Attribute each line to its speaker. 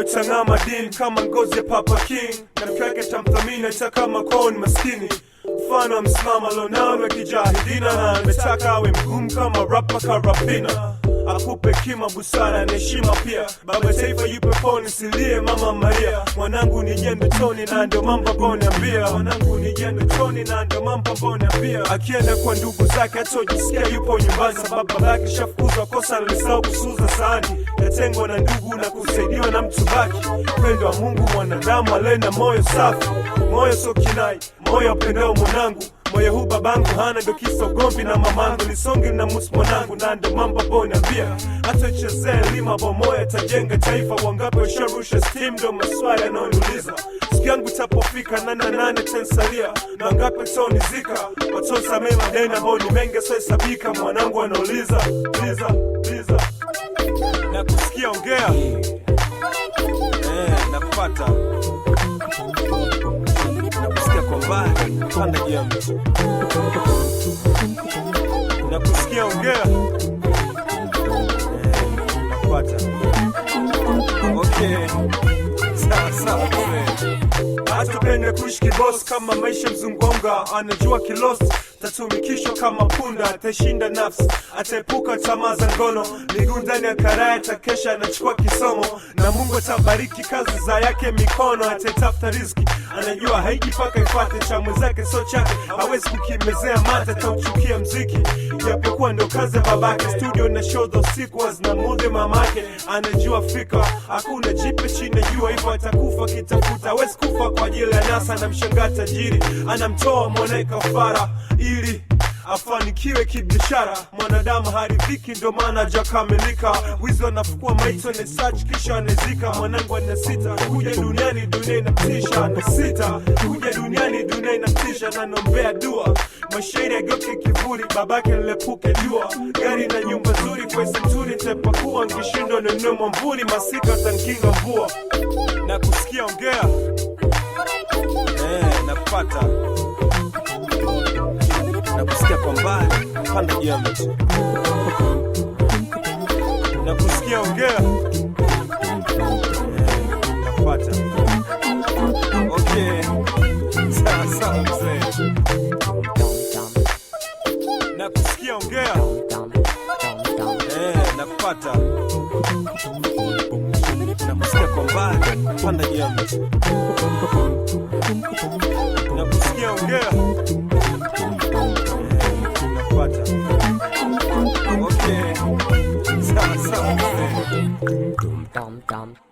Speaker 1: Uchangama madini kama ngozi ya Papa King, na mke tamthamini hata kama kwao ni maskini mfano amsimama Lonano kijahidina na ametaka awe mgumu kama rapa karapina akupe kima, busara na heshima pia. Baba Taifa yupe silie Mama Maria. Mwanangu ni jembe toni na ndio mamba boni ambia, mwanangu ni jembe toni na ndio mamba boni ambia. Akienda kwa ndugu zake hatojisikia yupo nyumbani, sababu yake shafukuzwa kosa alisahau kusuza sani natengwa na ndugu na kusaidiwa na mtu baki. Pendo wa Mungu, mwanadamu alena moyo safi, moyo sokinai moyo upendao mwanangu moyo huu babangu hana ndo kisa ugomvi na mamangu ni songi na musi mwanangu na ndo mambo bo nambia hata chezee lima bomoya tajenga taifa wangapi washarusha stim ndo maswali yanayoniuliza siku yangu tapofika nananane tensalia na ngapi taonizika watonsamee madeni ambao ni mengi asohesabika mwanangu anauliza liza liza
Speaker 2: na kusikia ongea eh, nakupata sana jambo, nakusikia ongea. Eh, okay.
Speaker 1: Hatupende kuishi kibos kama maisha mzungonga anajua kilos tatumikishwa kama punda, ataishinda nafsi, ataepuka tamaa za ngono, miguu ndani ya karaya, takesha anachukua kisomo na Mungu atabariki kazi za yake mikono, ataitafuta riski anajua haiji paka ifate cha mwenzake, so chake hawezi kukimezea mata tauchukia mziki japokuwa ndo kazi ya babake, studio na show za usiku hazina mudhi mamake, anajua fika hakuna jipe chini akiwa hivyo atakufa kitafuta, wezi kufa kwa ajili ya nasa. Anamshangaa tajiri, anamtoa mwanae kafara ili afanikiwe kibiashara. Mwanadamu haridhiki, ndo maana hajakamilika. Wizi anafukua maiti na search, kisha anazika. Mwanangu ana sita kuja duniani, dunia inamtisha, ana sita kuja duniani maisha nanombea dua mashairi ageuke kivuli, babake lepuke jua, gari na nyumba nzuri kwa situri nitapakua, nkishindwa nene mwamvuli, masika tankinga mvua
Speaker 2: na kusikia ongea eh, nakupata na kusikia kwa mbali, panda juu na kusikia ongea ongea ongea, eh, nakupata nakusikia kwa mbali, panda juu ya mti nakusikia, ongea eh, okay, sawa sawa.